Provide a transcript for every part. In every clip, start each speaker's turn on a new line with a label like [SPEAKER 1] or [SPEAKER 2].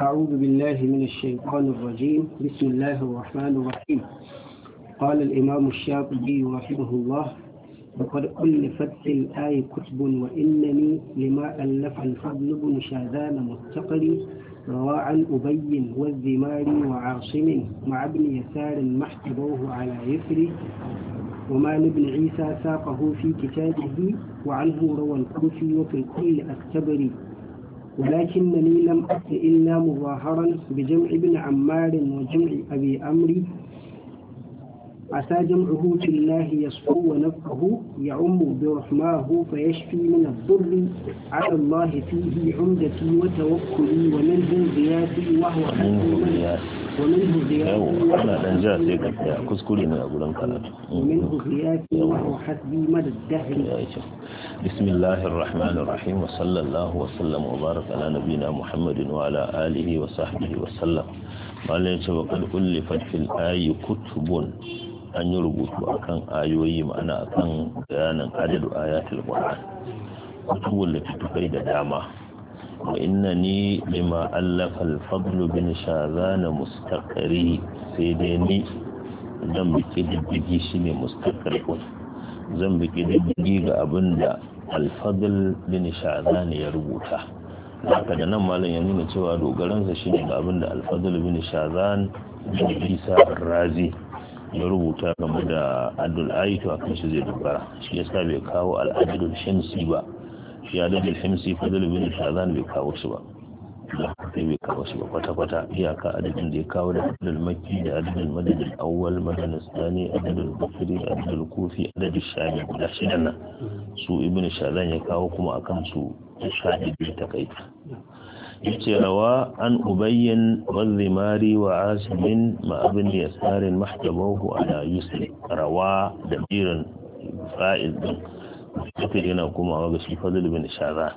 [SPEAKER 1] أعوذ بالله من الشيطان الرجيم بسم الله الرحمن الرحيم قال الإمام الشاطبي رحمه الله وقد ألفت في الآية كتب وإنني لما ألف الفضل بن شاذان مستقري روى عن أبي والذماري وعاصم مع ابن يسار ما احتبوه على يسري ومال بن عيسى ساقه في كتابه وعنه روى الكوفي وفي الكل أكتبري ولكنني لم أت إلا مظاهرا بجمع ابن عمار وجمع أبي أمري عسى جمعه في الله يصفو ونفعه يعم برحماه فيشفي من الضر على الله فيه عمدتي وتوكلي ومن ذنبياتي وهو حكيم yau ana dan ja sai ka tsaya
[SPEAKER 2] kuskure ne a gurin karatu بسم الله الرحمن الرحيم وصلى الله وسلم وبارك على نبينا محمد وعلى آله وصحبه وسلم قال وقد ألفت في الآي كتب أن يربطوا أكان آيوي معنا أكان بيانا عدد آيات القرآن كتب لتتقيد داما wa innani lima allafa al-fadl bin shazana mustaqri sai dai ni zan biki diddigi shine mustaqri zan biki diddigi ga abinda al-fadl bin shazana ya rubuta aka da nan malam ya nuna cewa dogaransa shine ga abinda al-fadl bin shazan bin isa razi ya rubuta game da adul aitu akan shi zai dubara shi yasa bai kawo al'adun adul shamsi ba fi adadin himsi fadil bin shazan bai kawo su ba da bai kawo su ba kwata-kwata iyaka adadin da ya kawo da adadin maki da adadin madadin awwal madadin tsani adadin adadin kufi adadin shani guda shida na su ibn shazan ya kawo kuma akan su shani bai takaita yace rawa an ubayyin wazimari wa asimin ma abin da yasarin mahtabahu ala yusuf rawa da birin fa'id din haka yana komawa ga shi fadl bin shazan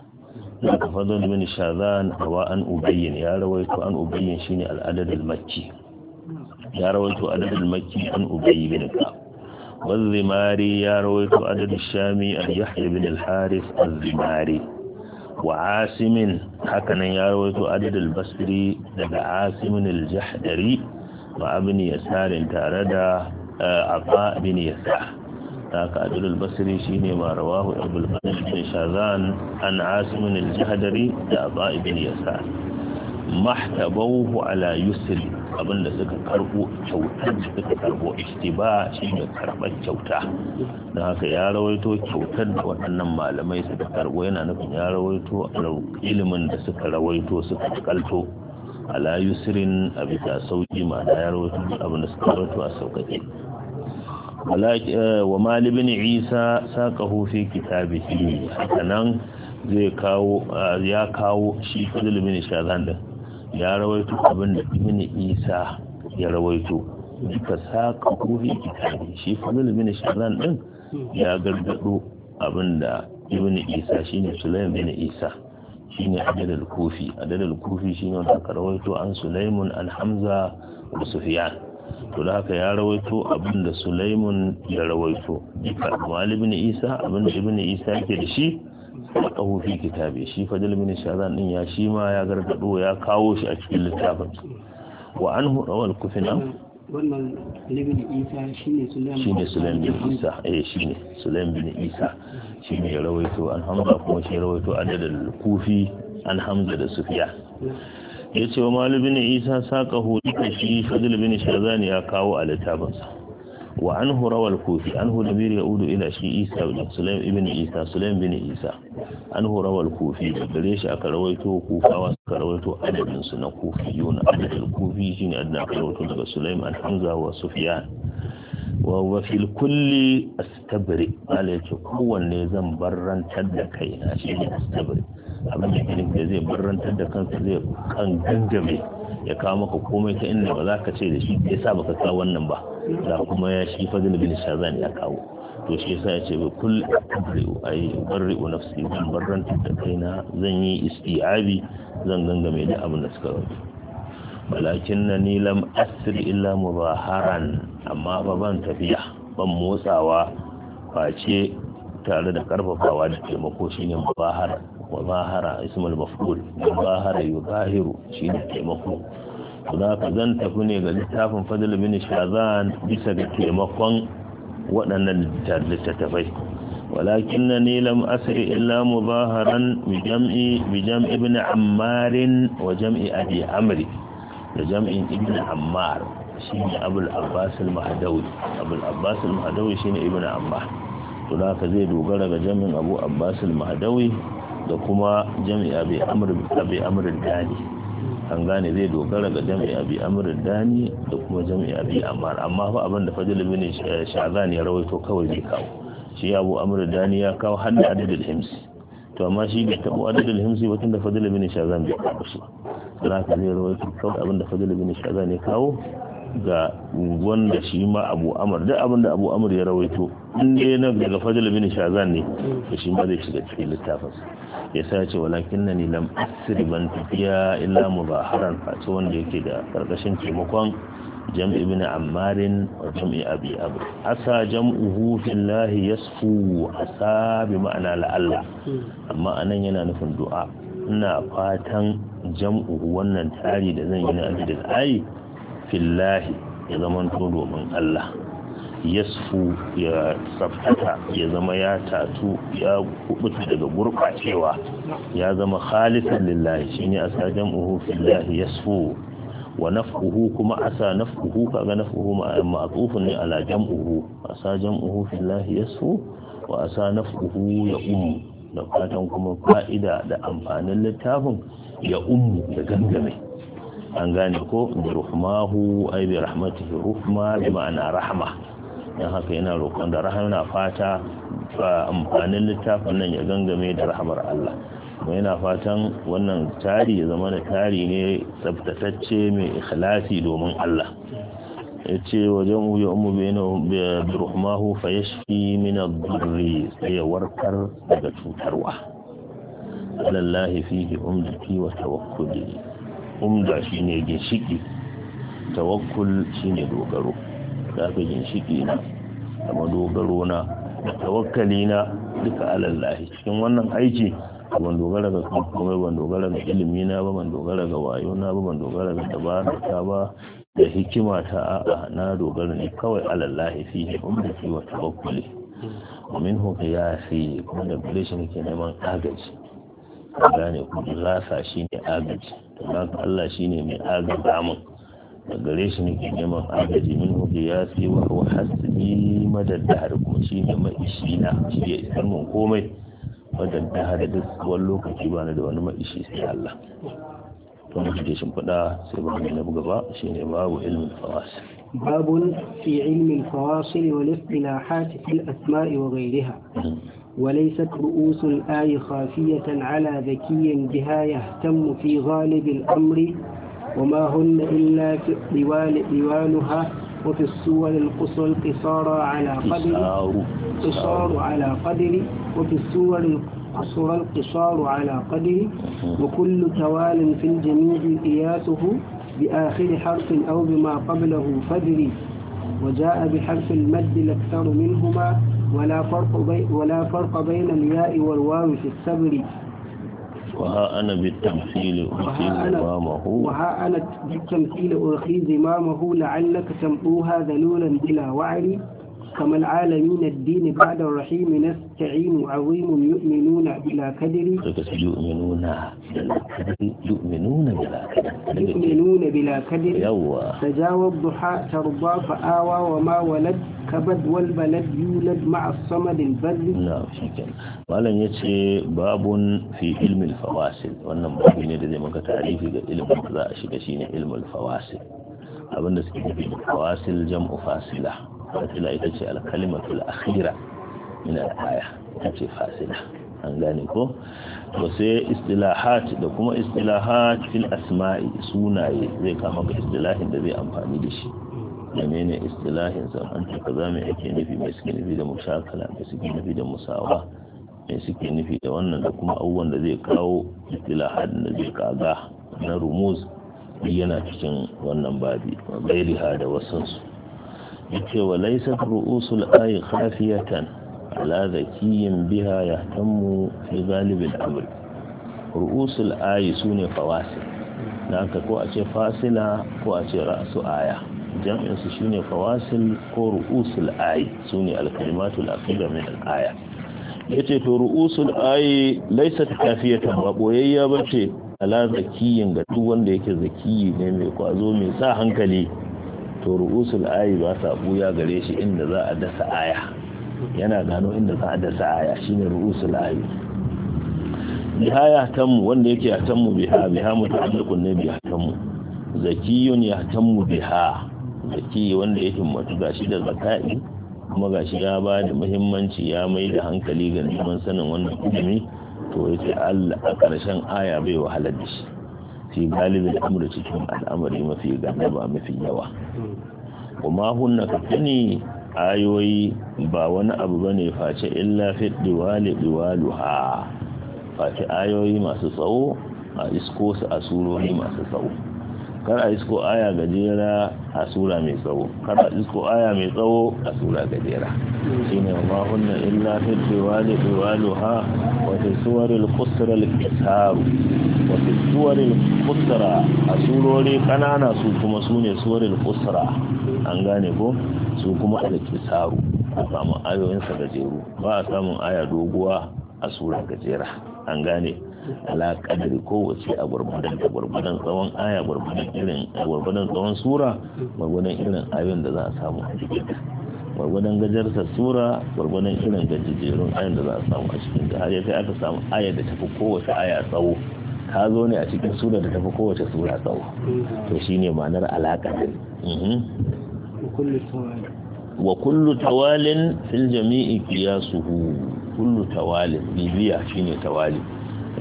[SPEAKER 2] daga fadl bin shazan an ubayyin ya rawaito an ubayyin shine al'adad al-makki ya rawaito adad al-makki an ubayy bin ka والزماري يا رويت عدد الشامي أن يحيى بن الحارث الزماري وعاسم هكذا ta haka abdul basri shine ma rawahu abul malik bin shazan an asim al-jahdari da aba ibn yasar mahtabawhu ala yusr abinda suka karbo kyautar suka karbo istiba shine karban kyauta don haka ya rawaito kyautar da waɗannan malamai suka karbo yana nufin ya rawaito ilimin da suka rawaito suka kalto ala yusrin a bisa sauki ma da ya rawaito abin da suka rawaito a sauƙaƙe Eh, wa malibin isa saƙahu fi kitabihi nan zai kawo eh, ya kawo shi fadil bin shazan din ya rawaito abin da ibn isa ya rawaito duka saƙahu fi kitabi shi fadil bin shazan din ya gargado abin da ibn isa shine sulaim bin isa ne adadal kufi adadal kufi ne wanda ka rawaito an sulaimun Alhamza hamza wa Sufiyan. to da haka ya rawaito abin da sulaimun ya rawaito duka malibin isa abin da ibn isa yake da shi sakahu fi kitabe shi fadil min shazan din ya shi ma ya gargado ya kawo shi a cikin littafin wa anhu rawal kufina
[SPEAKER 1] wannan libin isa shine sulaim bin
[SPEAKER 2] isa eh shine sulaim bin isa shi ne ya rawaito an hamza kuma shi rawaito adadin kufi an hamza da sufiya ya ce wa malubin isa saƙa hudu da shi fadil bin shazani ya kawo a littafinsa wa an hurawar kofi an hudu biri ya udu ila shi isa bin sulaim ibn isa sulaim bin isa an hurawar kofi da gare shi aka rawaito kufawa suka rawaito adadinsu na kofi yuna adadin kofi shi ne adadin aka rawaito daga sulaim an hamza wa sufiyan wa wafil kulli astabri ala ce kowanne zan barrantar da kaina shi ne astabri abin da ke da zai barrantar da kansa zai kan gangame ya kawo maka komai ta inda ba za ka ce da shi ya sa baka kawo wannan ba da kuma ya shi fadil bin shazan ya kawo to shi yasa ya ce ba kul abri'u ay barri'u nafsi zan barrantar da kaina zan yi isti'abi zan gangame da abin da suka rawaito walakin na ni lam asri illa mubaharan amma ba ban tafiya ban motsawa face tare da karfafawa da taimako shine mubahara wa zahara ismul maf'ul mubahara yuzahiru shine taimako za ka zan tafi ne ga littafin fadl bin shazan bisa ga taimakon waɗannan littattafai walakin na nilam asiri illa mubaharan bijam'i bijam ibn ammarin wa jam'i abi amri da jam'in ibn ammar shine abul abbas al abul abbas ibn ammar to da haka zai dogara ga jami'in abu abbasul mahadawi da kuma jami'a abi amrin dani an gane zai dogara ga jami'a abi amrin dani da kuma jami'a abi amar amma fa abin da fadil bin shazan ya rawaito kawai zai kawo shi abu amrin dani ya kawo har da adadul himsi to amma shi bai tabo adadul himsi wata da fadil bin shazan bai kawo shi don haka zai rawaito kawai abin da fajil bin shazan ya kawo ga wanda shi ma abu amur duk abin da abu amur ya rawaito in dai na daga fadil bin shazan ne to shi ma zai shiga cikin littafin ya sa ce walakin na ni lam tafiya ban tafiya illa haran face wanda yake da karkashin taimakon jam'i bin ammarin wa jam'i abi abu asa jam'uhu fillahi yasfu asa bi ma'ana la'alla amma anan yana nufin du'a ina fatan jam'u wannan tari da zan yi na abi da fillahi ya zama to domin Allah yasfu ya safata ya zama ya tatu ya kubuta daga gurɓacewa ya zama khalisan lillahi shine asa jam'uhu fillahi yasfu wa naf'uhu kuma asa naf'uhu kaga naf'uhu ma'atufun ne ala jam'uhu asa jam'uhu fillahi yasfu wa asa naf'uhu ya ummu da fatan kuma fa'ida da amfanin littafin ya umu da gangame an gane ko bi ruhmahu ay bi rahmatihi ruhma bi ma'ana rahma dan haka yana roƙon da rahama fata amfanin littafin nan ya gangame da rahamar Allah kuma yana fatan wannan tari ya zama da tari ne tsabtatacce mai ikhlasi domin Allah ya ce wajen uya umu bi ruhmahu fa yashfi min ad sai ya warkar daga cutarwa alallahi fihi umdati wa tawakkuli umda shi ne ginshiki tawakkul ne dogaro da aka ginshiki na da dogaro na da tawakkali na duka alallahi cikin wannan aiki ban dogara ga komai ban dogara ga ilimi na ba ban dogara ga wayo na ba ban dogara ga dabara ta ba da hikima ta a'a na dogara ne kawai alallahi fihi shi wa tawakkuli min hu qiyasi kuma da bilishin ke neman agaji gane ku rasa ne agaji haka Allah shi ne mai agaza mun da gare shi nake neman agaji min hu ya fi wa huwa hasbi madaddahar kuma shine maishi na shi ya isar mun komai madaddahar da duk wani lokaci ba da wani maishi sai Allah to mu je shin fada sai ba mu na gaba shine babu ilmin fawasil
[SPEAKER 1] babun fi ilmin fawasil wal istilahat fil asma'i wa ghayriha hmm. وليست رؤوس الآي خافية على ذكي بها يهتم في غالب الأمر وما هن إلا في طوال وفي الصور القصر القصار على قدر قصار على قدر وفي الصور القصر القصار على قدر وكل توال في الجميع قياسه بآخر حرف أو بما قبله فدري وجاء بحرف المد الأكثر منهما ولا فرق, بي ولا فرق بين الياء والواو في الصبر
[SPEAKER 2] وها أنا بالتمثيل أخي زمامه وها
[SPEAKER 1] أنا بالتمثيل أخي زمامه لعلك تمحوها ذلولا بلا وعي كما العالمين الدين بعد الرحيم نستعين عظيم يؤمنون بلا كدر
[SPEAKER 2] يؤمنون بلا كدر يؤمنون بلا كدر
[SPEAKER 1] يؤمنون بلا كدر تجاوى الضحى ترضى فآوى وما ولد كبد والبلد يولد مع الصمد البذل نعم شكرا
[SPEAKER 2] وعلى يتشي باب في علم الفواصل وانا مبابين لدي مكا تعريفي علم ذا شكشين علم الفواصل abinda suke nufi da fawasil jam'u fasila fasila ita ce alkalimatul akhira min al-aya ita ce fasila an gane ko to sai istilahat da kuma istilahat fil asma'i sunaye zai kama ga istilahin da zai amfani da shi da mene istilahin sa an ta kaza mai ake nufi mai suke nufi da mushakala mai suke nufi da musawa mai suke nufi da wannan da kuma abubuwan da zai kawo istilahat da zai kaga na rumuz yana cikin wannan babi gairiha da wasansu yace wa laysat ru'usul ayi khafiyatan ala zakiyin biha ya tammu fi galibin amr ru'usul ayi sune fawasil da ka ko a ce fasila ko a ce ra'su aya jam'in su shine fawasil ko ru'usul ayi sune al-kalimatul akhira min al-aya yace to ru'usul ayi laysat kafiyatan ba boyayya bace ala zakiyin ga duk wanda yake zakiyi ne mai kwazo mai sa hankali to ru'usul ayi ba sa buya gare shi inda za a dasa aya yana gano inda za a dasa aya shine ru'usul ayi bihaya tammu wanda yake ya tammu biha biha muta'alliqun ne biha tammu zakiyun ya tammu biha zaki wanda yake mutu gashi da zakai kuma gashi ya ba da muhimmanci ya mai da hankali ga neman sanin wannan ilimi to yace Allah a ƙarshen aya bai wahalar da shi fi galibin amur cikin al'amari mafi gaba mafi yawa kuma hunna ka tuni ayoyi ba wani abu ba ne face illa fi diwali diwalu ha face ayoyi masu tsawo a isko a surori masu tsawo kar a isko aya gajera a sura mai tsawo kar a isko aya mai tsawo a sura gajera shine ma hunna illa fi diwali diwaluha wa fi suwaril qusra al qisar wa fi suwaril qusra a surori kanana su kuma sune suwaril qusra an gane ko su kuma al kisaru, a samu ayoyin sa gajeru ba a samun aya doguwa a sura gajera an gane ala kadari kowace a gwargwadon da gwargwadon tsawon aya gwargwadon irin a gwargwadon tsawon sura gwargwadon irin ayoyin da za a samu a cikin gwargwadon gajarta sura gwargwadon irin gajijerun ayoyin da za a samu a cikin ta har ya kai aka samu aya da tafi kowace aya tsawo ka zo ne a cikin sura da tafi kowace sura tsawo to shine ma'anar alaƙa mhm. wa kullu tawalin fil jami'i qiyasuhu kullu tawalin bibiya shine tawalin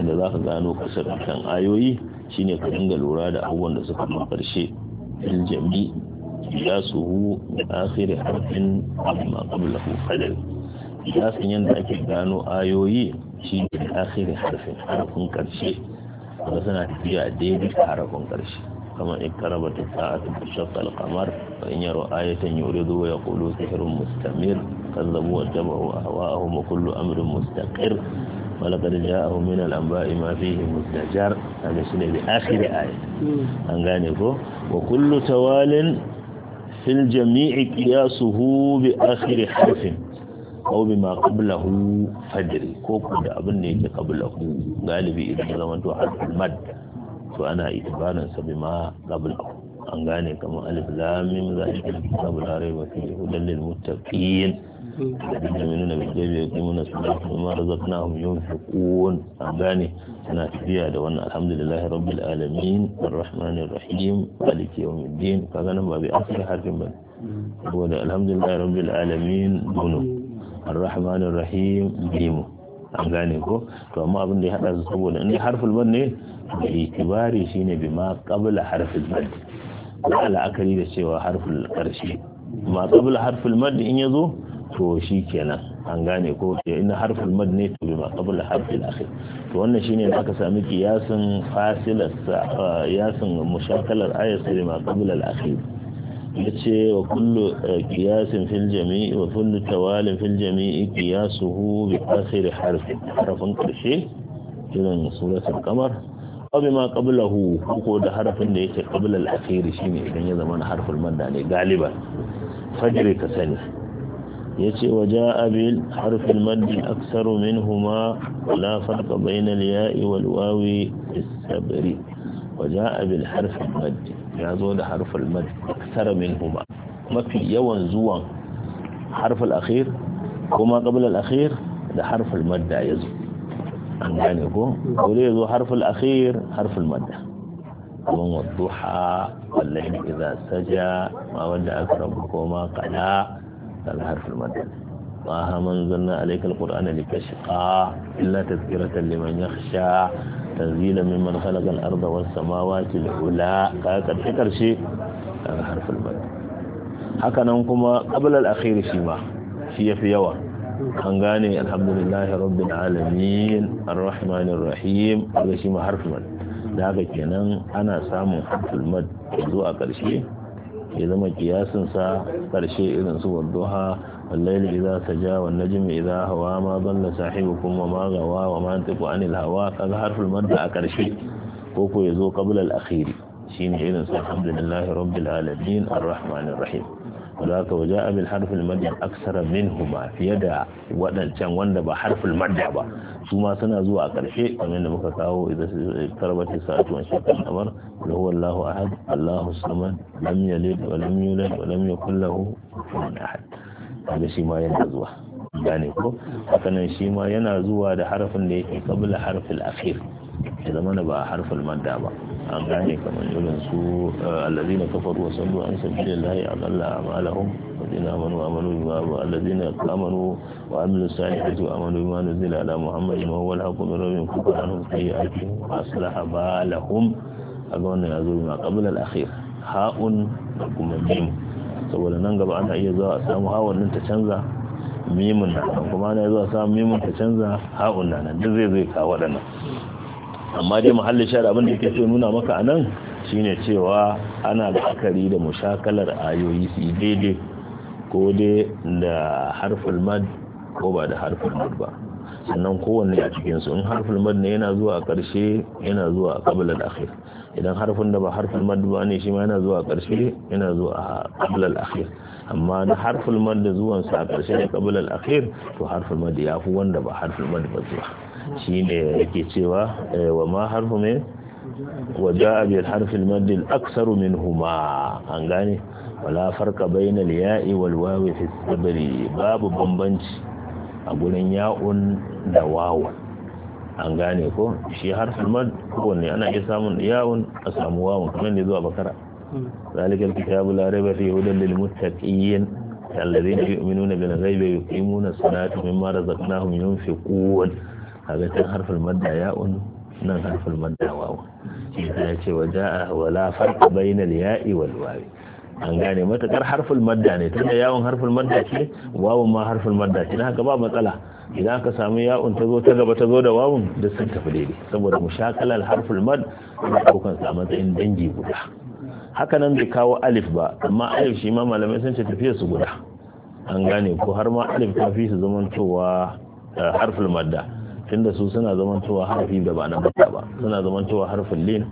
[SPEAKER 2] inda za ka gano kasar kan ayoyi shine ka dinga lura da abubuwan da suka ma karshe fil jami ya hu da akhiri harfin amma ko qadal ya san yanda ake gano ayoyi shine akhiri harfin harfin karshe wanda suna tafiya daidai a harafin karshe kamar karaba ta saatu da shakkal kamar qamar wa in yaro ayatan yuridu ya kulo sihirin mustamir kazzabu wa a ahwa'ahum makullu amrin mustaqir walaqad ja'ahum min al-anba'i ma fihi muddajar an shine bi akhir ayat an gane ko wa kullu tawalin fil jami'i qiyasuhu bi akhir harfin aw bima qablahu fadri ko ko da abin da yake qablahu galibi idan zaman to harful mad to ana itibaran sa ma qablahu an gane kama alif lam mim zalika kitabul arif wa fihi hudan lil muttaqin
[SPEAKER 3] Abinda mai
[SPEAKER 2] nuna bijabi ya kuma na suna su ma da zafi na hamiyon su kowon gane suna tafiya da wannan alhamdulillahi rabbil alamin arrahmanir rahim alike wa muddin ka ganin ba bai asali harfin ba saboda alhamdulillahi rabbil alamin dunu arrahmanir rahim bimu an gane ko to amma abin da ya hada su saboda in harfin ba ne da itibari shine bi ma qabla harfin ba ko la'akari da cewa harfin karshe ma qabla harfin madd in yazo to shi kenan an gane ko eh, in harful mad ne to bima qabla harfil akhir to wannan shine da aka sami kiyasin fasilas eh, yasin mushakkalar ayat bima qabl al akhir yace wa kullu qiyasin eh, fil jami'i wa kullu tawalin fil jami'i qiyasuhu bi akhir harfin harfin karshe irin suratul qamar aw bima qablahu ko da harfin da yake qabl al akhir shine idan ya zama harful mad ne galiba fajr ka sani yace wa jaa bil harf al madd akthar minhuma la farq bain al ya'i wal wawi bis sabri wa jaa bil harf al ya zo da harf al madd akthar minhuma mafi yawan zuwan harf al akhir kuma qabla al akhir da harf al madd ya zo an gane ko ko ya zo harf al akhir harf al madd kuma wadduha wallahi idza saja ma wanda aka rabu qala الحرف المدني طه ما انزلنا عليك القرآن لتشقى إلا تذكرة لمن يخشى تنزيلا ممن خلق الأرض والسماوات العلى كاكر كرشي الحرف المدني هكذا نقوم قبل الأخير شيما شي في يوم an gane alhamdulillahi rabbil alamin arrahmanir rahim kaga shi ma harful mad da haka kenan ana samun harful mad zo a ƙarshe ya zama kiyasin sa karshe irin su wadduha wallahi idza saja wan najmi idza hawa ma dalla sahibukum wa ma gawa wa ma an anil hawa kaga harful madda a karshe ko ko yazo qabla al akhir shine irin su alhamdulillahi rabbil alamin arrahmanir rahim ولذلك وجاء بالحرف المد أكثر منهما في يدا ودنشان وندا بحرف المد با ثم سنة زوا كرشي كمان مكاكاو إذا اقتربت الساعة وانشق الأمر قل هو الله أحد الله الصمد لم يلد ولم يولد ولم يكن له كفوا أحد هذا شيء ما يدا زوا gane ko hakanan shi ma yana zuwa da harafin da yake kabla harfin akhir ya zama ba harfin madda ba an gane kamar irin su eh, allazi na kafar wasan ruwa an sabi da layi a kalla a malahun wadina amanu amanu bi ma ba allazi na amanu wa amilu sa'i da amanu bi ma na zila ala muhammadin wa wal haƙu da rabin kuka an hun sayi aiki wa ba lahum a ga wannan ya zo bi ma al ha'un da kuma mim saboda nan gaba ana iya zuwa a samu nan ta canza a samu ta canza ha'un zai zai waɗannan amma dai muhallin shari'a abin da ke so nuna maka anan shine cewa ana la'akari da mashakalar ayoyi su daidai ko dai da harfin mad ko ba da harfin mad ba sannan kowanne a cikinsu in harfin mad ne yana zuwa a ƙarshe yana zuwa a ƙabilar akhir idan harfin da ba harfin mad ba ne shi ma yana zuwa a ƙarshe yana zuwa a ƙabilar akhir amma da harfin mad da zuwansa a ƙarshe da ƙabilar akhir to harfin mad ya fi wanda ba harfin mad ba zuwa shine yake cewa eh, wa ma harfu ne wa ja'a bil harfi al madd al akthar huma an gane wala farqa bayna al ya'i wal wawi fi sabri babu bambanci a gurin ya'un da wawa an gane ko shi harfin mad kowanne ana iya samun yawon a samu wawa kamar ne zuwa bakara al kitabu la rayba fi hudan lil muttaqin alladhina yu'minuna bil ghaibi yuqimuna as-salata mimma razaqnahum yunfiqun kaga can harfin madda ya'un nan harfin madda wawa shi ya ce wa ja'a wala farqa al ya'i wal wawi an gane matakar harful madda ne tunda yawon harful madda ce wawun ma harful madda ce haka ba matsala idan aka samu yaun ta zo ta gaba ta zo da wawun da sun tafi daidai saboda mushakalar harful mad da daukan sa matsayin dangi guda haka nan bai kawo alif ba amma alif shi ma malamai sun ce tafiya su guda an gane ko har ma alif ta fi su zamantowa eh, harful madda tunda su suna zamantowa harfi da ba na bata ba suna zamantowa harfin lin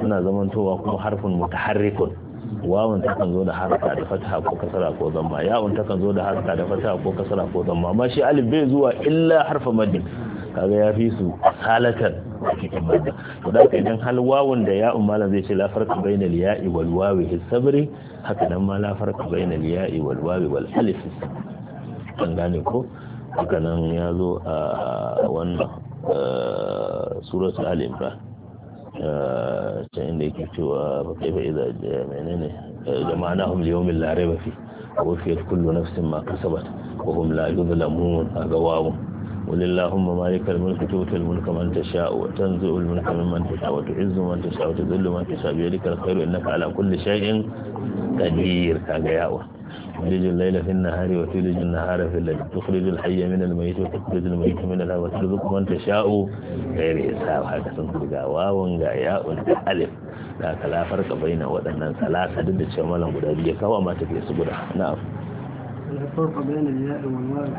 [SPEAKER 2] suna zamantowa kuma harfin mutaharrikun wawan takan zo da harka da fataha ko kasara ko zamma ya'un takan zo da harka da fataha ko kasara ko zamma amma shi alif bai zuwa illa harfa madin kaga ya fi su salatan cikin madda to da idan hal wawan da ya'un malam zai ce la farqa bayna al ya'i wal wawi fi sabri haka nan ma la farqa bayna al ya'i wal wawi wal alif an gane ko haka nan ya zo a wannan eh, surat al-imran eh, can inda yake cewa ba kai ba iza menene da eh, ma'ana hum liyawmin lare ba fi wafiyat kullu nafsin ma kasabat wa hum la yuzlamun agawawun قل اللهم مالك الملك تؤتي الملك من تشاء وتنزع الملك ممن تشاء وتعز من تشاء وتذل من تشاء بيدك الخير انك على كل شيء قدير تخرج الليل في النهار وتولج النهار في الليل تخرج الحي من الميت وتخرج الميت من الهوى وترزق من تشاء غير حساب هكذا تنقل ga wawan ga ya'un da alif da ka baina waɗannan salasa duk da cewa malam guda biyu kawo ma tafi su guda na'am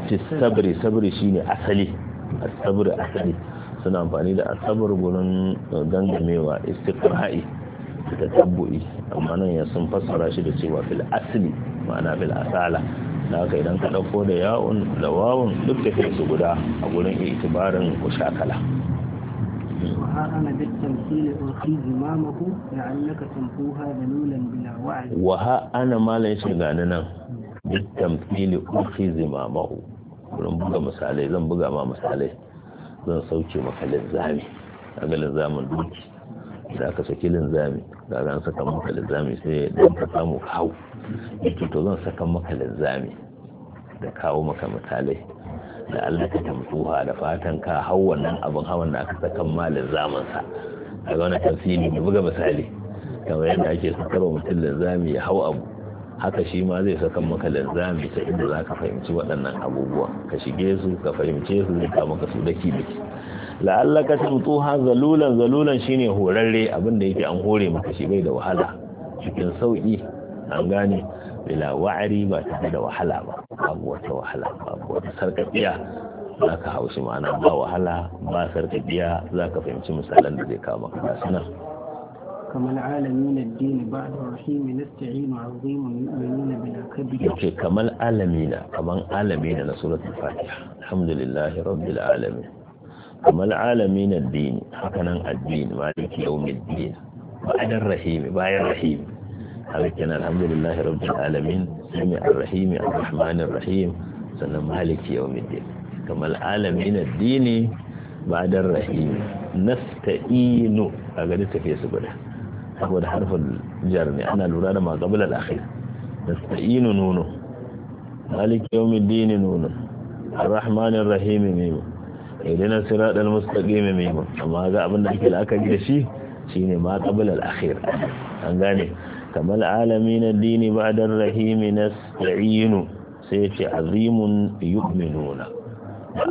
[SPEAKER 1] ci sabri
[SPEAKER 2] sabri shine asali asabri asali suna amfani da asabr gurin gangamewa istiqra'i da tabbu'i amma nan ya sun fassara shi da cewa fil asli ma'ana fil asala da haka idan ka ɗauko da yawon da wawon duk da ke su guda a gurin itibarin mushakala wa ha ana malai shi gani nan duk tamfili uki zimamahu gurin buga misalai zan buga ma misalai zan sauke maka linzami a ga linzamin duki da aka saki linzami da zan saka maka linzami sai don ka samu kawo yake to zan saka maka linzami da kawo maka misalai da Allah ka tamtuwa da fatan ka hau wannan abin hawan da aka saka ma lizamin sa a ga tafsiri mu buga misali kamar yadda ake sakar mutum linzami ya hau abu haka shi ma zai saka maka linzami ta inda za ka fahimci waɗannan abubuwan ka shige su ka fahimce su ka maka su daki daki la'allaka tutuha zalulan zalulan shine horarre abinda yake an hore maka shi bai da wahala cikin sauki an gane bila wa'ari ba ta da wahala ba babu wata wahala babu wata sarkakiya ka haushi ma'ana ba wahala ba sarkakiya ka fahimci misalan da zai kawo maka ga sunan
[SPEAKER 1] كما العالمين الدين بعد رحيم نستعين عظيم المؤمنين بلا كبير
[SPEAKER 2] كما العالمين كما العالمين لسورة الفاتحة الحمد لله رب العالمين kamar alami na dini hakanan addini maliki yau mai dini ba'adar rahimi bayan rahimi halittar alhamdulillah rabbil alamin sami arrahimi arrahmanin rahim sannan maliki yau mai dini kamar alami na dini ba'adar rahimi nasta'inu a gari tafiye su guda saboda harfin jar ne ana lura da ma qabla al-akhir nasta'inu nuno maliki yau mai dini nuno arrahmanin rahimi mimu idan sirat al-mustaqim mai mun amma ga abin da ake la'akari da shi shine ma qabl al-akhir an gane kamar alamin addini ba'da ar-rahim nasta'inu sai ce azimun yu'minuna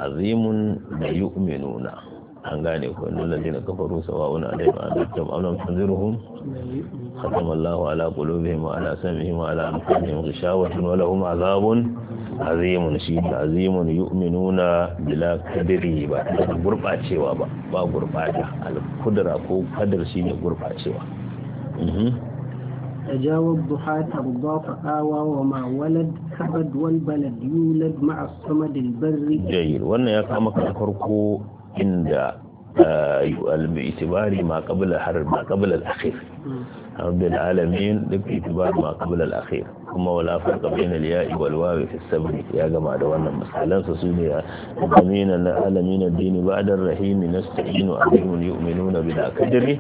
[SPEAKER 2] azimun da yu'minuna an gane ko inna alladhina kafaru sawa'un alaihim anzartum am lam tunzirhum khatama Allahu ala qulubihim wa ala sam'ihim wa ala anfusihim ghishawatun wa lahum azabun azimun shi azimun yu'minuna bila kadri ba gurbacewa ba ba gurbata al kudra ko kadar shine gurbacewa
[SPEAKER 1] تجاوب ضحاة الضاف آوى وما ولد كبد والبلد يولد مع الصمد البري جيد
[SPEAKER 2] وانا يا كامك الكركو inda eh, itibari ma qabla har ma qabla al-akhir rabbil alamin duk itibari ma qabla al-akhir kuma wala farqa bayna al-ya'i wal wawi fi sabr ya gama da wannan misalan su ne amin al-alamin ad-din ba'da ar-rahim nasta'inu alaihim yu'minuna bil qadri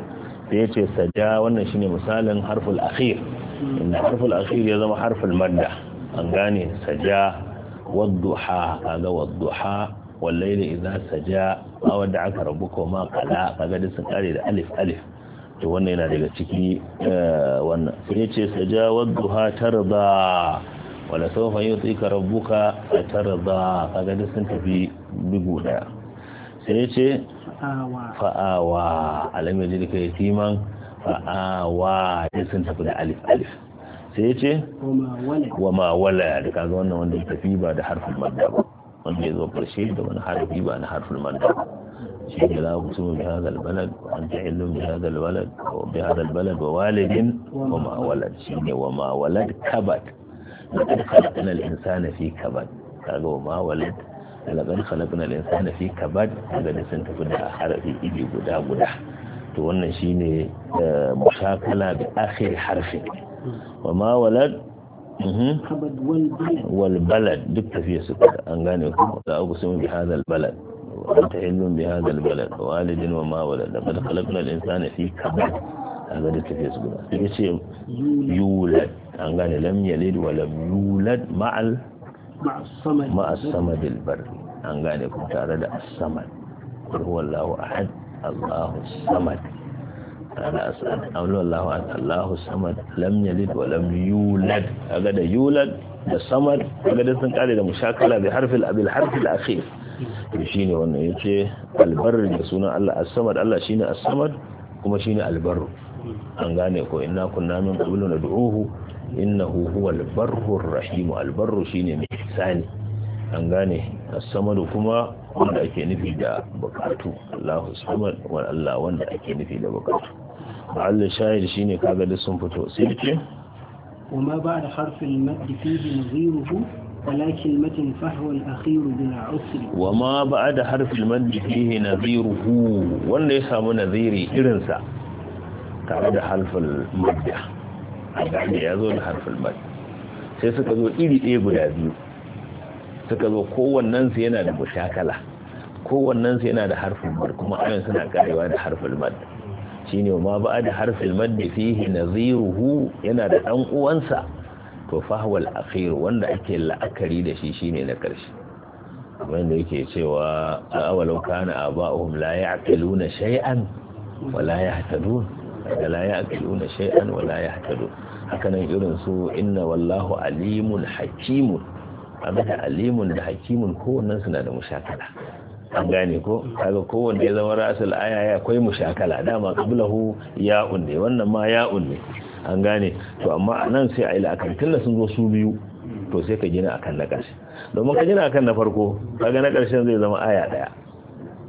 [SPEAKER 2] da yace saja wannan shine misalin harful akhir inda harful akhir ya zama harful madda an gane saja wadduha kaga wadduha wallaili idza saja ba wanda aka rabu ko ma kala kaga duk sun kare da alif alif to wannan yana daga ciki eh, wannan sai ce saja wadduha tarda wala sawfa yutika rabbuka tarda kaga duk sun tafi bugu daya sai ce fa'awa alam yajid ka timan fa'awa duk sun tafi da alif alif sai ce wa ma wala da kaga wannan wanda tafi ba da harfin madda ba wanda ya zo karshe da wani harfi ba na harfin manda shi ne la uqsimu bi hadha albalad wa anta ilmu bi hadha albalad wa bi hadha ba wa walidin wa ma walad shi ne wa ma walad kabat laqad khalaqna al-insana fi kabad, kaga wa ma walad laqad khalaqna al'insa na fi kabad, kaga da sun tafi da harfi iri guda guda to wannan ne eh, mushakala bi akhir harfin wa ma walad والبلد في والبلد أن بالتفيس أنقاني أقسم بهذا البلد وأنت حلم بهذا البلد والد وما ولد لقد خلقنا الإنسان في كبد هذا في بالتفيس يولد أن أنقاني لم يلد ولم يولد مع مع الصمد مع الصمد البري أنقاني كنت أرد الصمد هو الله أحد الله الصمد ana asali aulu Allahu Allahu samad lam yalid wa lam yulad kaga da yulad da samad kaga da sun kare da mushakala bi harfil abil harfil akhir to shine wannan yace albar da sunan Allah as-samad Allah shine as-samad kuma shine albarru. an gane ko inna kunna min qablu nad'uhu innahu huwal barrur rahim albarru shine mai sani an gane a sama da kuma wanda ake nufi da bukatu allahu samad wa allah wanda ake nufi da bukatu ma'allin shahid shi ne kaga da sun fito sai da ke
[SPEAKER 1] kuma ba da harfin maddi fiye na zuru ولكن متن فهو الأخير بلا عسر
[SPEAKER 2] وما بعد حرف المد فيه نذيره وان ليس من نذيري إرنسا تعرض حرف المد
[SPEAKER 3] عند أن يزول
[SPEAKER 2] حرف المد سيسك ذو إلي إيه بلا ذيو suka zo kowannen su yana da mushakala kowannen su yana da harfin mad kuma ayon suna karewa da harfin mad shine ma ba da harfin mad fihi naziruhu yana da dan uwansa to fahwal akhir wanda ake la'akari da shi shine na karshe wanda yake cewa awalau kana aba'uhum la ya'qiluna shay'an wa la yahtadun da la ya'qiluna shay'an wa la yahtadun hakanan irin su inna wallahu alimun hakimun abin da alimun da hakimun kowannen suna da mushakala an gane ko kaga kowanne ya zama rasul aya akwai mushakala dama qablahu ya unne wannan ma ya unne an gane to amma anan sai a yi tunda sun zo su biyu to sai ka gina akan na ƙarshe domin ka gina akan na farko kaga na ƙarshen zai zama aya ɗaya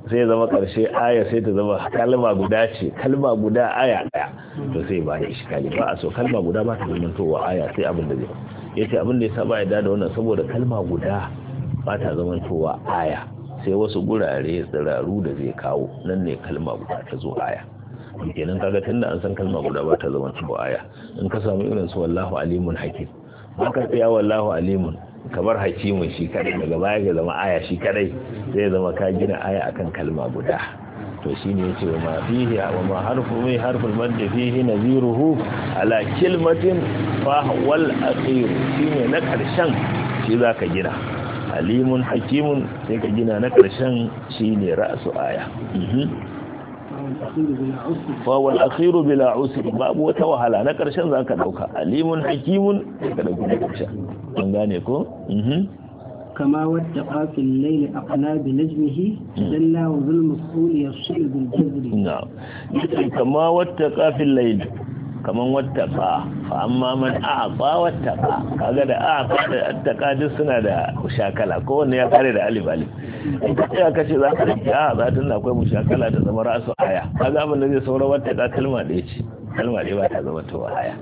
[SPEAKER 2] sai zama ƙarshe aya sai ta zama kalma guda ce kalma guda aya ɗaya to sai ba ya ishi ba a so kalma guda ba ta zamantowa aya sai abin da zai ya ce abin da ya saba yadda da wannan saboda kalma guda ba ta zama towa aya sai wasu gurare tsiraru da zai kawo nan ne kalma guda ta zo aya kenan kaga da an san kalma guda ba ta zama towa aya in ka samu irin su wallahu alimun hakim ba ka tsaya wallahu alimun kamar hakimun shi kadai daga baya ga zama aya shi kadai zai zama ka gina aya akan kalma guda to shi ne ce ma fi fihi wa ma harfu mai harful madda fihi naziruhu ala kilmatin fa wal akhir shi ne na ƙarshen shi za ka gina alimun hakimun sai ka gina na ƙarshen shi ne ra'asu aya mhm. fawal akhiru bila usr babu wata wahala na ƙarshen za ka ɗauka alimun hakimun sai ka ɗauki na karshen
[SPEAKER 1] an gane ko mhm. كما واتقى في الليل أقلا
[SPEAKER 2] بنجمه تدلى وذل المسؤول يصل بالجذر نعم كما واتقى في الليل كما واتقى فأما من أعطى واتقى كذا أعطى التقى دي سنة دا مشاكلة كون يا كاري دا ألف ألف ya kace za ka rike a za tun akwai mushakala ta zama rasu aya kaga abin da zai saura wata kalma da ya ce kalma da ba ta zama to aya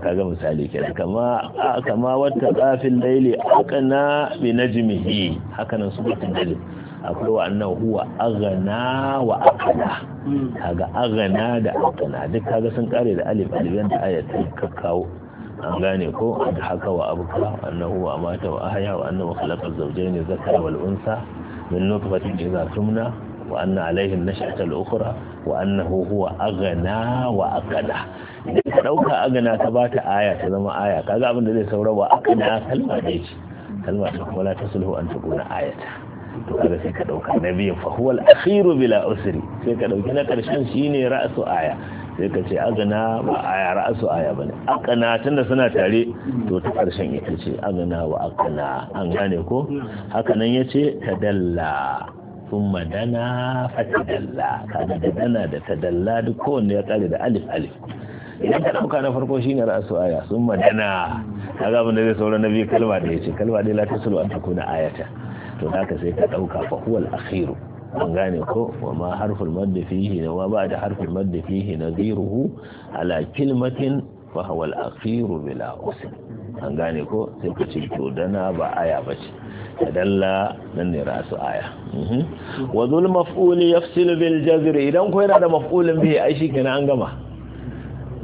[SPEAKER 2] kaga misali kenan kama kama wata qafil laili aqna bi najmihi haka nan su mutum dalil akwai wa'annan huwa aghna wa aqna kaga aghna da aqna duk kaga sun kare da alif alif da ayat ta kawo an gane ko an haka wa abuka annahu wa amata wa ahya wa annahu khalaqa az-zawjayn dhakara wal unsa min nutfatin idha tumna wa anna alaihim nash'ata al-ukhra wa annahu wa aqda dauka aghna ka bata aya ta zama aya kaga abin da zai saura wa kalma ne kalma ta kuma la tasluhu an takuna ayata to kaga sai ka dauka nabiyin fa huwa al-akhiru bila usri sai ka dauki na karshen shine ra'su aya sai ka ce agana ba aya ra'asu aya bane akana tunda suna tare to ta karshen ita ce agana wa akana an gane ko haka nan ta dalla. thumma dana fatadalla kaga da dana da tadalla duk kowanne ya kare da alif alif idan ka ɗauka na farko shine ra'asu aya thumma dana ga abin da zai sauran na biyu kalma da yace kalma da la tasulu an da ayata to haka sai ka ɗauka fa huwal akhiru an gane ko wa ma harful madda fihi na wa ba'da harful madda fihi nadhiruhu ala kilmatin fa huwal akhiru bila usl an gane ko sai ku ce dana ba aya ba ce dalla nan ne rasu aya mhm. wa zul maf'uli yafsilu bil jazr idan ko yana da maf'ulin bihi ai kenan an gama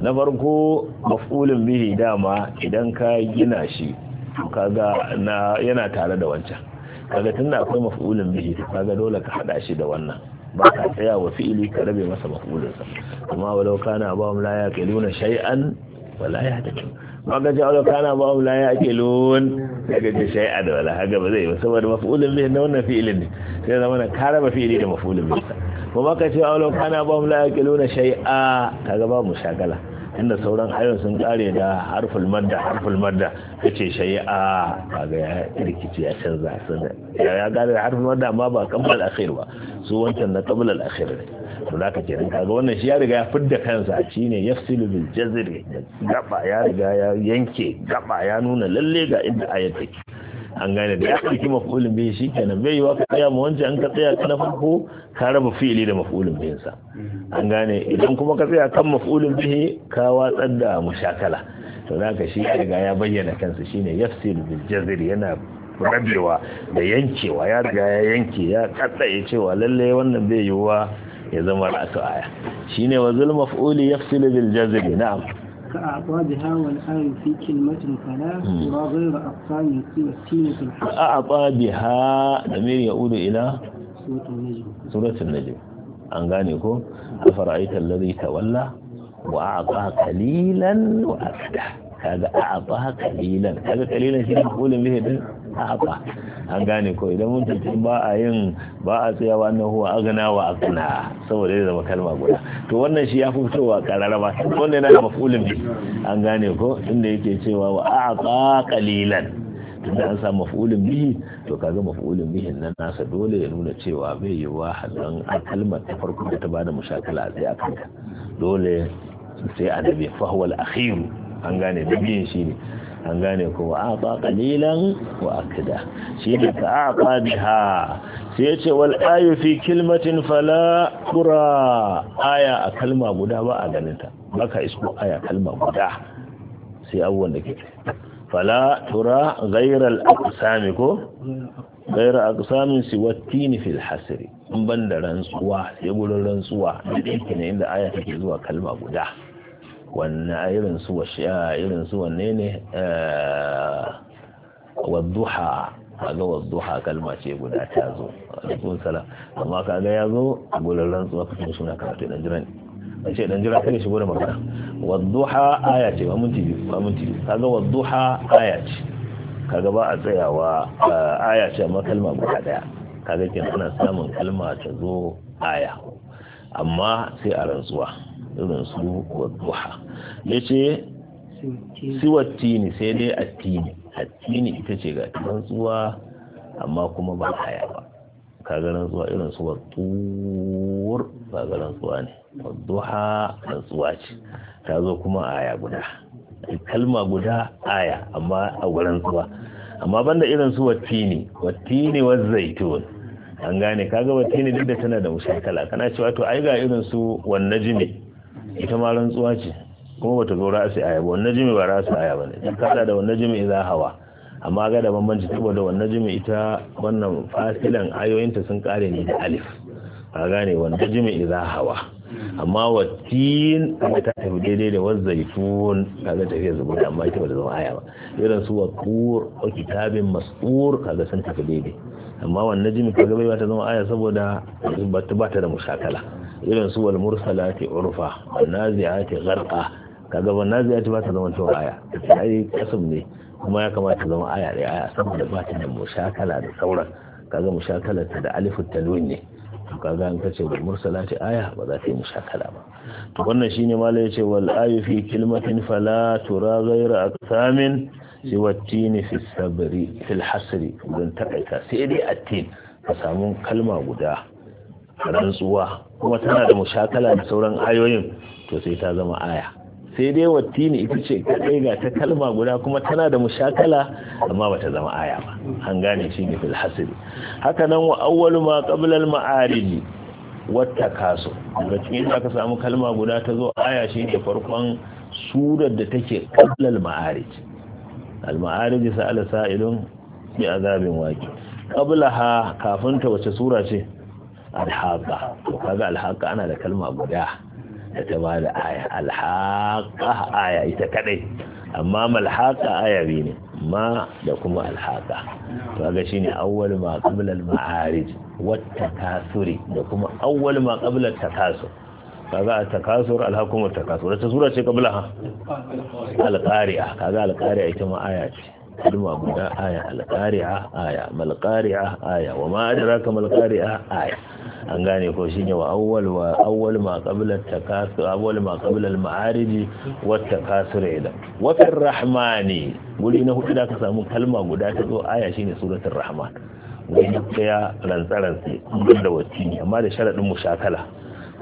[SPEAKER 2] na farko maf'ulin bihi dama idan ka gina shi kaga na yana tare da wancan kaga tunda akwai maf'ulin bihi kaga dole ka hada shi da wannan ba ka tsaya wa fi'ili ka rabe masa maf'ulin sa amma walau kana ba mu la yaqiluna shay'an wala yahtadun waka ce alo kana ba mu la ake lon daga ce sai a da wala haka ba zai ba saboda maf'ulun bihi na wannan fi'ilin ne sai zama na kara ba fi'ili da maf'ulun bihi kuma ka ce alo kana ba mu la ya ake lon shay'a kaga ba mu shagala inda sauran ayon sun kare da harful madda harful madda ya ce shayi a kaga ya rikici ya canza sun ya gane da harful madda amma ba kammal akhir ba su wancan na kammal akhir ne to zaka ka kaga wannan shi ya riga ya fidda kansa shine yafsilu bil jazri gaba ya riga ya yanke gaba ya nuna lalle ga inda ayat take an gane da ya ɗauki mafulin bihi shi kenan bai wa ka tsaya ma wancan an ka tsaya ka na farko ka raba fi'ili da mafulin bihinsa an gane idan kuma ka tsaya kan mafulin bihi ka watsar da mushakala to zaka shi ya riga ya bayyana kansa shine silu bil jazri yana rabewa da yankewa ya riga ya yanke ya katsaye cewa lallai wannan bai yiwuwa ya zama ra'atu aya shi ne wa zulma fa'uli ya fi sulubi jazibi na abu
[SPEAKER 1] ka abuwa da hawan ayin fi kilmatin fara ba zai ra'a tsamin siya tinu sun hau
[SPEAKER 2] ka abuwa da ha ya udu ila suratun najib an gane ko a fara'aita lalai ta walla wa a ba kalilan wa a kada ka ga a ba kalilan ka kalilan shi ne kulin haka an gane ko idan mun ba a yin ba a tsayawa na huwa agana wa akna saboda ya zama kalma guda to wannan shi ya fito fitowa kararraba ba wanda yana da mafulin bi an gane ko inda yake cewa wa aqa qalilan tunda an samu mafulin bihi to kaga mafulin bihin nan nasa dole ya nuna cewa bai yi wa kalmar ta farko da ta bada mushakala a tsaye akan dole sai a dabe fahwal akhiru an gane da biyan shi ne an gane ko a ba qalilan wa akda shi ne ka aqa biha sai yace wal ayu fi kilmatin fala qura aya a kalma guda ba a ganin ta baka isko aya kalma guda sai awwan da ke fala tura ghayra al aqsami ko gaira a si siwatti ne fil hasiri in ban da rantsuwa sai gurin rantsuwa da ɗinki ne inda aya take zuwa kalma guda wannan irin su irin su wanne ne eh, wadduha a ga wadduha kalma ce guda ta zo alaikum sala amma ka ga ya zo a gurin rantsuwa kafin suna karatu dan jiran a ce dan jiran kare shigo da magana wadduha aya ce ba minti biyu ba minti biyu kaga wadduha aya ce kaga ba a tsayawa eh, aya ce amma kalma guda daya ka ga kenan ana samun kalma ta zo aya amma sai a rantsuwa irin su wadduha ya ce siwattini sai dai attini attini ita ce ga rantsuwa amma kuma ba haya ba kaga rantsuwa irin su wattuwar kaga rantsuwa ne wadduha rantsuwa ce ta zo kuma aya guda kalma guda aya amma a wurin tsuwa amma banda irin su wattini wattini wa zaitun an gane kaga wattini duk da tana da mushakala kana cewa to ai ga irin su wannan jini. ita ma rantsuwa ce kuma bata zo ra'asi aya ba wannan jimi ba ra'asi aya ba ne ta kada da wannan jimi za hawa amma ga da bambanci saboda wannan jimi ita wannan fasilan ayoyinta sun kare ne da alif a gane wannan jimi za hawa amma wattin kuma ta tafi daidai da wanzu zaitun kaga tafiya zuba da amma ita bata zama aya ba irin su wakur wa kitabin mas'ur kaga sun tafi daidai amma wannan jimi kaga bai ta zama aya saboda ba ta da mushakala irin su wal mursalati urfa wal nazi'ati gharqa kaga wal nazi'ati ba ta zama to aya ai kasum ne kuma ya kamata zama aya da aya saboda ba ta da mushakala da sauran kaga mushakalar ta da alifu talwin ne to kaga an kace wal mursalati aya ba za ta yi mushakala ba to wannan shine malai yace wal ayu fi kilmatin fala tura ghayra aqsamin siwatin fi sabri fi hasri don takaita sai dai attin ka samu kalma guda rantsuwa kuma tana da mushakala da sauran ayoyin to sai ta zama aya sai dai wattini ita ce kadai ga ta kalma guda kuma tana da mushakala amma ba ta zama aya ba an gane shi ne fil haka nan wa awwalu ma qabla al ma'arij wata kaso daga cikin da aka samu kalma guda ta zo aya shi ne farkon surar da take qabla al ma'arij al ma'arij sa'ala sa'ilun bi azabin waqi qablaha kafin ta wace sura ce alhaqa to kaga alhaqa ana da kalma guda da ta ba da aya alhaqa aya ita kadai amma malhaqa aya biyu ne ma da kuma alhaqa to kaga ne awwal ma qabla al ma'arij wat takasuri da kuma awwal ma qabla takasur kaga takasur alhaqu wa takasur ta sura ce qabla ha alqari'a kaga alqari'a ita ma aya ce kalma guda aya alƙari'a aya malƙari'a aya wa ma adraka malƙari'a aya an gane ko shine wa awwal wa awwal ma qabla takasur awwal ma qabla al ma'arij wa takasur ila wa fir rahmani guri na hudu da ka samu kalma guda ta zo aya shine suratul rahman guri na daya rantsarantsi da wacce ne amma da sharadin mushakala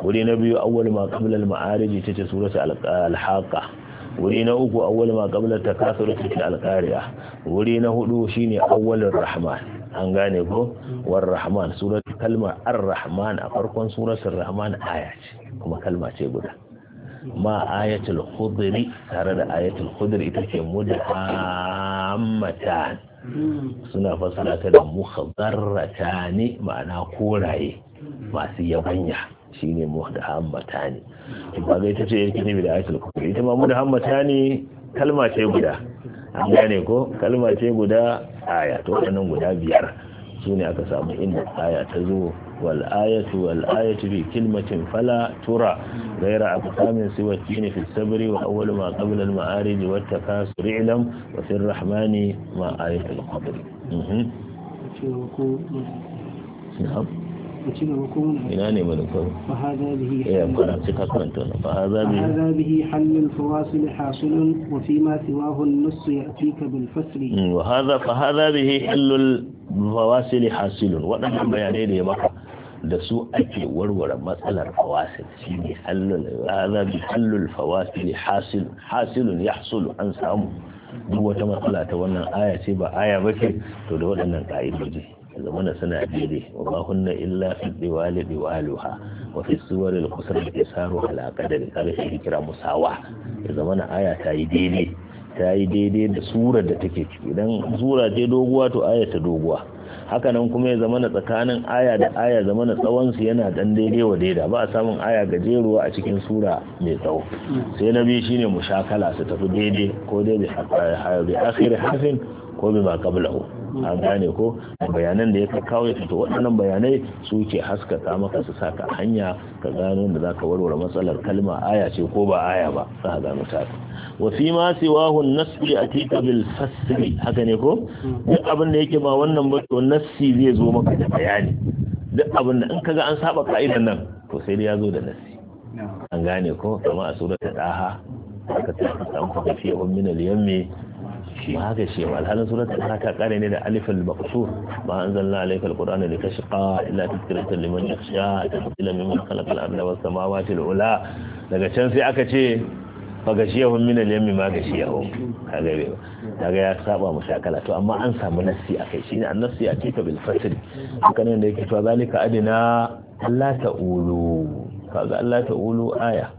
[SPEAKER 2] wuri na biyu awwal ma qabla al ma'arij tace suratul al-haqa wuri na uku awwal ma qabla takasur fil al wuri na hudu shine awwal arrahman an gane ko war rahman surat kalma ar a farkon suratul rahman aya ce kuma kalma ce guda ma ayatul khudri tare da ayatul khudri ita ce mudhammatan suna fassara ta da mukhadharratani ma'ana koraye masu yabanya shine mudahammata ne ba ga ita ce yake ne da asul kufri ita ma mudahammata ne kalma ce guda an gane ko kalma ce guda aya to wannan guda biyar ne aka samu inda aya ta zo والآية والآية بكلمة فلا ترى غير أقسام سوى التين في السبر وأول ما قبل المعارج والتكاثر اعلم وفي الرحمن ما آية القبر نعم ina ne manufar ya
[SPEAKER 1] fa haza bihi eh,
[SPEAKER 2] haza
[SPEAKER 1] bihi halil fawasil hasilun wa fi ma siwahu an ya'tika bil fasli mm, wa
[SPEAKER 2] haza fa haza bihi halil fawasil hasilun wadannan bayanai da ya maka da su ake warware matsalar fawasil shi ne haza bi halil fawasil hasil hasilun yahsulu an samu duk wata matsala ta wannan aya ce ba aya bace to da waɗannan ka'idoji ya zama na suna daidai wa hunna illa fi diwali diwaluha wa fi suwar al-qasr da saru ala qadari karfi kira musawa ya zama na aya ta yi daidai ta yi daidai da surar da take ciki idan sura ce doguwa to aya ta doguwa haka nan kuma ya zama na tsakanin aya da aya zama na tsawon su yana dan daidai wa daida ba a samun aya gajeruwa a cikin sura mai tsawo sai na biyu shine mushakala su tafi daidai ko daidai bi akhir harfin ko bi ma qablahu a gane ko bayanan da ya ka kawo ya fito waɗannan bayanai su ke haskaka maka su sa ka hanya ka gano da za ka warware matsalar kalma aya ce ko ba aya ba za ka gano ta wa fi ma siwahu nasbi atika bil fasri haka ne ko duk abin da yake ba wannan ba to nassi zai zo maka da bayani duk abin da in kaga an saba ka'idan nan to sai ya zo da nasi. an gane ko kama a surata daha aka ta an fa fi min al-yammi shi ma haka shi alhalin suratul haraka kare ne da alif al-maqsur ma anzalna alayka al-qur'ana litashqa illa tadhkiratan liman yakhsha tadbila mimman khalaqa al-arda was samawati al-ula daga can sai aka ce fagashiyahum min al-yammi ma gashiyahum kaga ne kaga ya saba mushakala to amma an samu nassi akai shine annasi atika bil fasl haka ne da yake to zalika adina Allah ta'ulu kaga Allah ta'ulu aya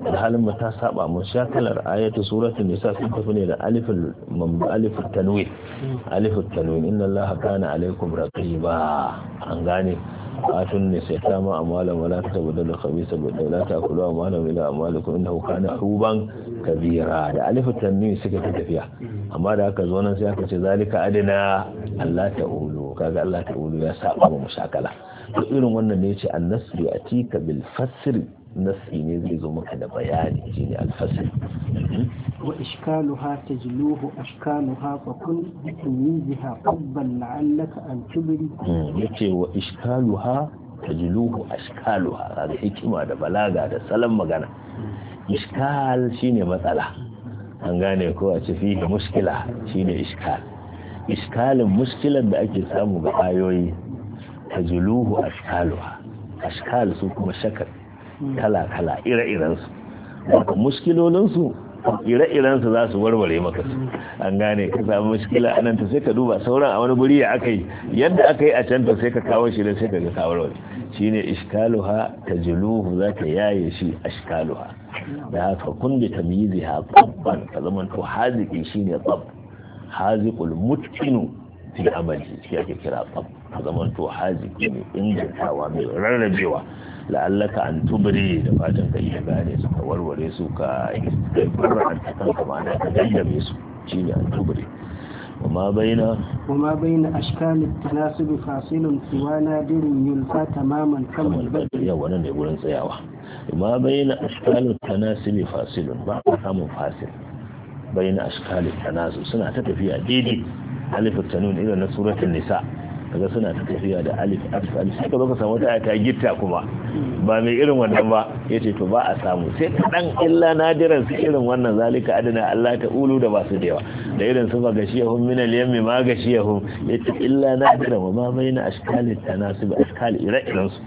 [SPEAKER 2] da halin ba ta saba mu sha kalar ayatu suratul nisa sun tafi ne da alifin alifin tanwin alifin tanwin inna allaha kana alaikum raqiba an gane atun ne sai ta ma amala wala ta tabadala khabisa bi la ta kulu amala ila amalikum innahu kana huban kabira da alifin tanwin suka ta tafiya amma da aka zo nan sai aka ce zalika adina allah ta'ulu kaga allah ta'ulu ya saba mu mushakala to irin wannan ne ce annasri atika bil fasri nassi ne zai zo maka da bayani shine alfasl hmm?
[SPEAKER 1] wa ishkaluha tajluhu ashkaluha fa kun bi tumiziha qabban la'allaka an tubri hmm,
[SPEAKER 2] yace wa ishkaluha tajluhu ashkaluha kaga hikima da balaga da salon magana iskal shine matsala an gane ko a ce fihi muskila shine iskalin muskilan da ake samu ga ayoyi tajluhu ashkaluha ashkal su kuma shakar kala-kala ire-irensu wato muskilolinsu ire-irensu za su warware maka su an gane ka samu muskila anan ta sai ka duba sauran a wani guri ya aka yi yadda aka yi a can ta sai ka kawo shi da sai ka ga kawo warware shine iskaluha tajluhu za ka yaye shi iskaluha da haka kun bi tamyiziha tsabban ka zaman to haziki shine tsab hazikul mutqinu fi amali shi ake kira tsab ka zaman to haziki ne ingantawa mai rarrabewa la'allaka an da fatan ka iya gane su ka warware su ka barra an ta kanka ma na ka dangame su shi ne an tubri kuma baina
[SPEAKER 1] kuma baina ashkali tanasibu na dirin yulfa
[SPEAKER 2] tamaman kan walbadi ya wani ne gurin tsayawa kuma baina ashkali tanasibu fasilun ba a samun fasil baina ashkali tanasibu ta tafiya daidai alifin tanun na suratun nisa daga suna ta tafiya da alif alif alif sai ka zo ka samu wata ta gitta kuma ba mai irin wannan ba yace to ba a samu sai dan illa nadiran su irin wannan zalika adana Allah ta ulu da ba su da yawa da irin su ba gashiyahum min al yammi ma gashiyahum yace illa nadiran wa ma baina ashkali tanasib ashkali ire-iren su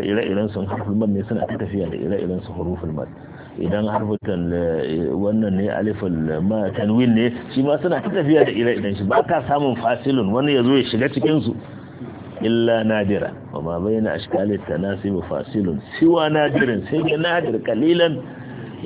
[SPEAKER 2] ire-iren sun harful ne suna ta tafiya da ire-iren su huruful mad idan harfutan eh, wannan ne alifin ma tanwin ne shi ma suna ta tafiya da ire idan shi ba ka samun fasilun wani ya zo ya shiga cikinsu illa nadira wa ma bayyana ashkalit tanasib fasilun siwa nadirin sai ga nadir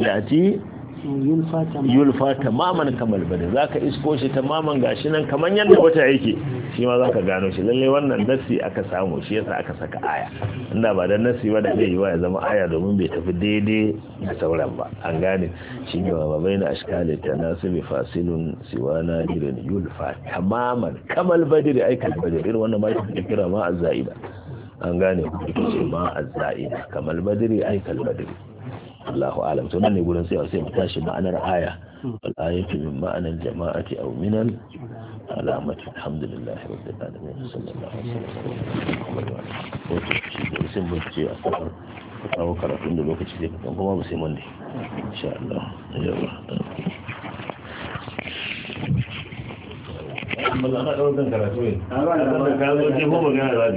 [SPEAKER 2] ya yati yulfa tamaman kamar bane za ka isko shi tamaman gashi nan kamar yadda wata yake shi ma za ka gano shi lallai wannan nasi aka samu shi yasa aka saka aya inda ba da nasi ba da zai yi wa ya zama aya domin bai tafi daidai da sauran ba an gane shi ne ba bai na ashkali ta nasu bi fasilun siwa na jirin yulfa tamaman kamar badir ai kamar badir irin wannan ma shi kira ma azza'ida an gane ku ce ma azza'ida kamar badiri ai kalbadiri Allahu alam to nan ne gurin sai sai mu tashi ma'anar aya wal ayatu min ma'anar jama'ati aw minal alamati alhamdulillahi rabbil alamin sallallahu alaihi wasallam ka kawo karatun da lokaci zai fitan kuma ba sai mun ne insha Allah yawa
[SPEAKER 3] Allah ana ɗaukar karatu ne. Ana ɗaukar karatu ne ko magana